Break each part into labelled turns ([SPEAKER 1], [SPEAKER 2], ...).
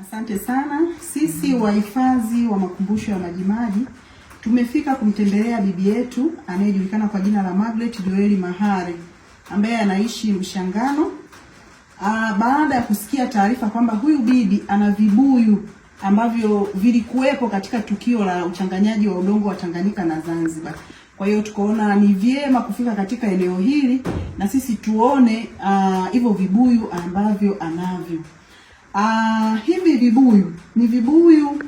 [SPEAKER 1] Asante sana. Sisi wahifadhi wa makumbusho ya Majimaji tumefika kumtembelea bibi yetu anayejulikana kwa jina la Margaret Joel Mahare ambaye anaishi Mshangano. Aa, ah, baada ya kusikia taarifa kwamba huyu bibi ana vibuyu ambavyo vilikuwepo katika tukio la uchanganyaji wa udongo wa Tanganyika na Zanzibar. Kwa hiyo tukaona ni vyema kufika katika eneo hili na sisi tuone ah, hivyo vibuyu ambavyo anavyo. Uh, hivi vibuyu ni vibuyu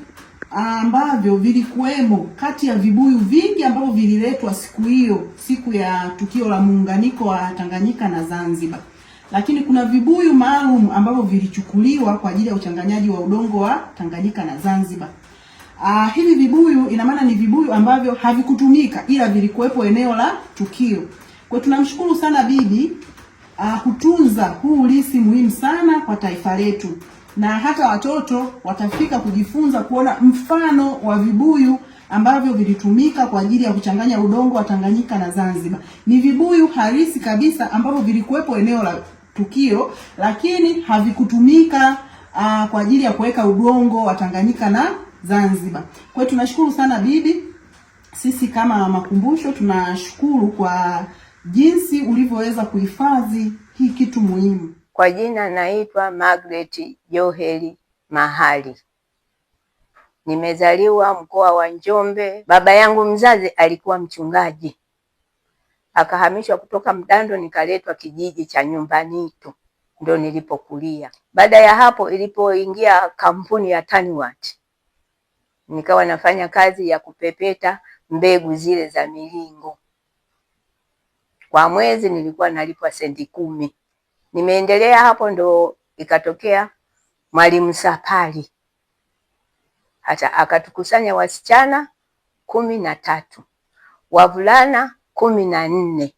[SPEAKER 1] ah, ambavyo vilikuwemo kati ya vibuyu vingi ambavyo vililetwa siku hiyo, siku ya tukio la muunganiko wa Tanganyika na Zanzibar. Lakini kuna vibuyu maalum ambavyo vilichukuliwa kwa ajili ya uchanganyaji wa udongo wa Tanganyika na Zanzibar. Ah, hivi vibuyu ina maana ni vibuyu ambavyo havikutumika ila vilikuwepo eneo la tukio. Kwa tunamshukuru sana bibi uh, kutunza huu urithi muhimu sana kwa taifa letu, na hata watoto watafika kujifunza kuona mfano wa vibuyu ambavyo vilitumika kwa ajili ya kuchanganya udongo wa Tanganyika na Zanzibar. Ni vibuyu halisi kabisa ambavyo vilikuwepo eneo la tukio, lakini havikutumika uh, kwa ajili ya kuweka udongo wa Tanganyika na Zanzibar. Kwa hiyo tunashukuru sana bibi, sisi kama makumbusho tunashukuru kwa jinsi ulivyoweza kuhifadhi hii kitu muhimu. Kwa jina naitwa Margaret Joheli Mahali. Nimezaliwa mkoa wa Njombe. Baba yangu mzazi alikuwa mchungaji, akahamishwa kutoka Mdando nikaletwa kijiji cha nyumbani tu, ndo nilipokulia. Baada ya hapo, ilipoingia kampuni ya Tanwat, nikawa nafanya kazi ya kupepeta mbegu zile za milingo kwa mwezi nilikuwa nalipwa senti kumi. Nimeendelea hapo ndo ikatokea Mwalimu Sapali hata akatukusanya wasichana kumi na tatu wavulana kumi na nne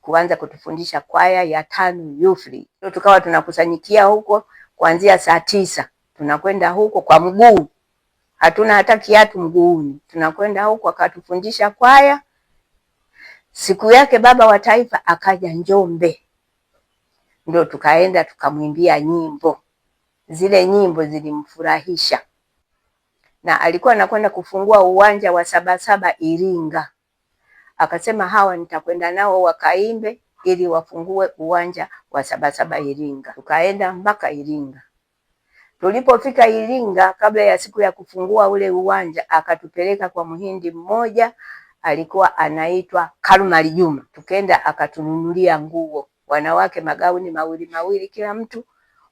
[SPEAKER 1] kuanza kutufundisha kwaya ya TANU Youth. Tukawa tunakusanyikia huko kuanzia saa tisa, tunakwenda huko kwa mguu, hatuna hata kiatu mguuni, tunakwenda huko akatufundisha kwaya Siku yake baba wa taifa akaja Njombe, ndio tukaenda tukamwimbia nyimbo. Zile nyimbo zilimfurahisha, na alikuwa anakwenda kufungua uwanja wa Sabasaba Iringa. Akasema hawa nitakwenda nao wakaimbe ili wafungue uwanja wa Sabasaba Iringa. Tukaenda mpaka Iringa. Tulipofika Iringa, kabla ya siku ya kufungua ule uwanja, akatupeleka kwa mhindi mmoja alikuwa anaitwa Karumali Juma. Tukaenda akatununulia nguo, wanawake magauni mawili mawili kila mtu,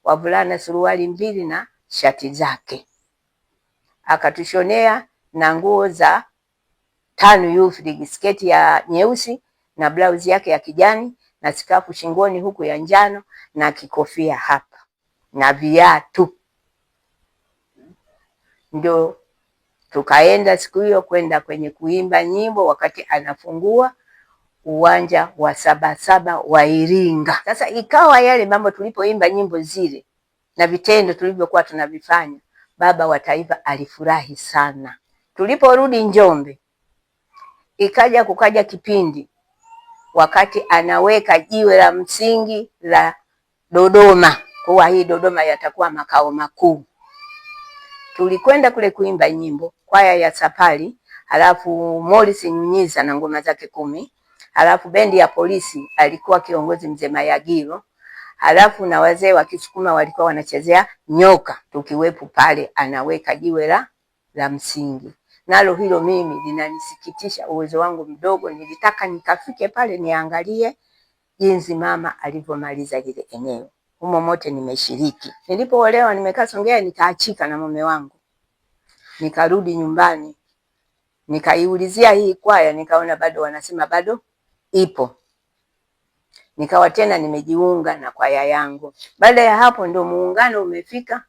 [SPEAKER 1] wavulana suruali mbili na shati zake. Akatushonea na nguo za TANU Youth League, sketi ya nyeusi na blauzi yake ya kijani na sikafu shingoni huku ya njano na kikofia hapa na viatu ndio Tukaenda siku hiyo kwenda kwenye kuimba nyimbo wakati anafungua uwanja wa Sabasaba wa Iringa. Sasa ikawa yale mambo tulipoimba nyimbo zile na vitendo tulivyokuwa tunavifanya, baba wa taifa alifurahi sana. Tuliporudi Njombe, ikaja kukaja kipindi wakati anaweka jiwe la msingi la Dodoma kuwa hii Dodoma yatakuwa makao makuu tulikwenda kule kuimba nyimbo kwaya ya sapali halafu Morris Nyunyiza na ngoma zake kumi, alafu bendi ya polisi alikuwa kiongozi mzee Mayagiro, alafu na wazee wa Kisukuma walikuwa wanachezea nyoka, tukiwepo pale anaweka jiwe la la msingi. Nalo hilo mimi linanisikitisha, uwezo wangu mdogo, nilitaka nikafike pale niangalie jinsi mama alivyomaliza lile eneo humo mote nimeshiriki. Nilipoolewa nimekaa Songea, nikaachika na mume wangu, nikarudi nyumbani, nikaiulizia hii kwaya, nikaona bado wanasema bado ipo, nikawa tena nimejiunga na kwaya yangu. Baada ya hapo ndio muungano umefika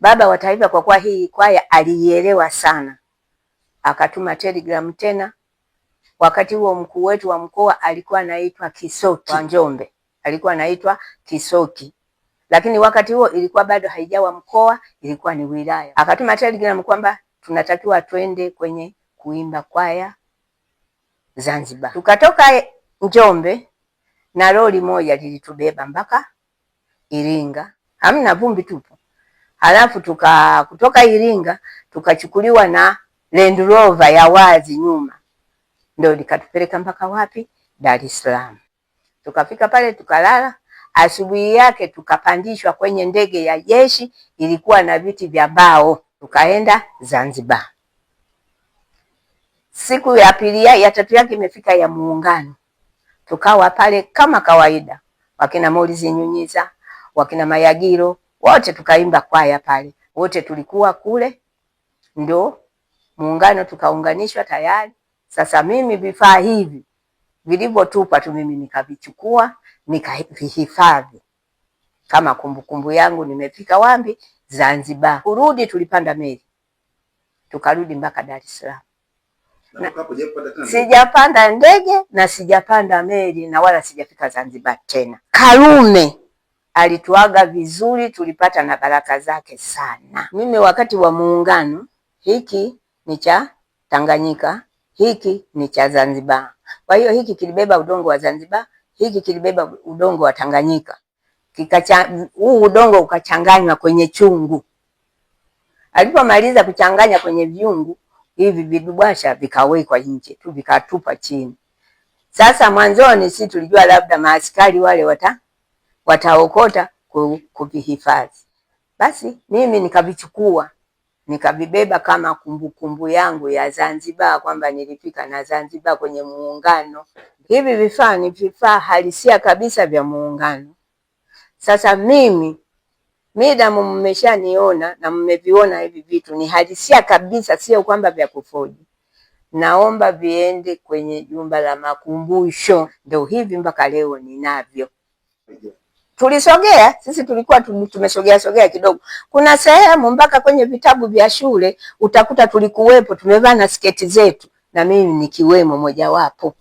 [SPEAKER 1] baba wa taifa, kwa kuwa hii kwaya aliielewa sana, akatuma telegram tena. Wakati huo mkuu wetu wa mkoa alikuwa anaitwa Kisoti wa Njombe alikuwa anaitwa Kisoki, lakini wakati huo ilikuwa bado haijawa mkoa, ilikuwa ni wilaya. Akatuma telegram kwamba tunatakiwa twende kwenye kuimba kwaya Zanzibar. Tukatoka Njombe na lori moja lilitubeba mpaka Iringa, hamna vumbi, tupo. Halafu tuka kutoka Iringa tukachukuliwa na Land Rover ya wazi nyuma, ndio likatupeleka mpaka wapi? Dar es Salaam. Tukafika pale tukalala. Asubuhi yake tukapandishwa kwenye ndege ya jeshi, ilikuwa na viti vya bao, tukaenda Zanzibar. Siku ya pili ya tatu yake imefika ya Muungano, tukawa pale kama kawaida, wakina Morizi Nyunyiza, wakina Mayagiro wote tukaimba kwaya pale, wote tulikuwa kule. Ndo Muungano tukaunganishwa tayari. Sasa mimi vifaa hivi vilivyotupwa tu mimi nikavichukua nikavihifadhi kama kumbukumbu kumbu yangu. Nimefika Wambi Zanzibar, kurudi tulipanda meli tukarudi mpaka Dar es Salaam. Sijapanda ndege na sijapanda meli na wala sijafika Zanzibar tena. Karume alituaga vizuri, tulipata na baraka zake sana. Mimi wakati wa muungano hiki ni cha Tanganyika hiki ni cha Zanzibar. Kwa hiyo hiki kilibeba udongo wa Zanzibar, hiki kilibeba udongo wa Tanganyika. Kikacha, huu udongo ukachanganywa kwenye chungu. Alipomaliza kuchanganya kwenye vyungu hivi vidubwasha vikawekwa nje tu vikatupa chini. Sasa mwanzoni si tulijua labda maaskari wale wata wataokota kuvihifadhi. Basi mimi nikavichukua nikavibeba kama kumbukumbu yangu ya Zanzibar kwamba nilifika na Zanzibar kwenye muungano. Hivi vifaa ni vifaa halisia kabisa vya muungano. Sasa mimi midamu, mmeshaniona na mmeviona hivi vitu, ni halisia kabisa, sio kwamba vya kufoji. Naomba viende kwenye jumba la makumbusho, ndio hivi mpaka leo ninavyo tulisogea sisi, tulikuwa tumesogea sogea kidogo. Kuna sehemu mpaka kwenye vitabu vya shule utakuta tulikuwepo tumevaa na sketi zetu, na mimi nikiwemo mojawapo.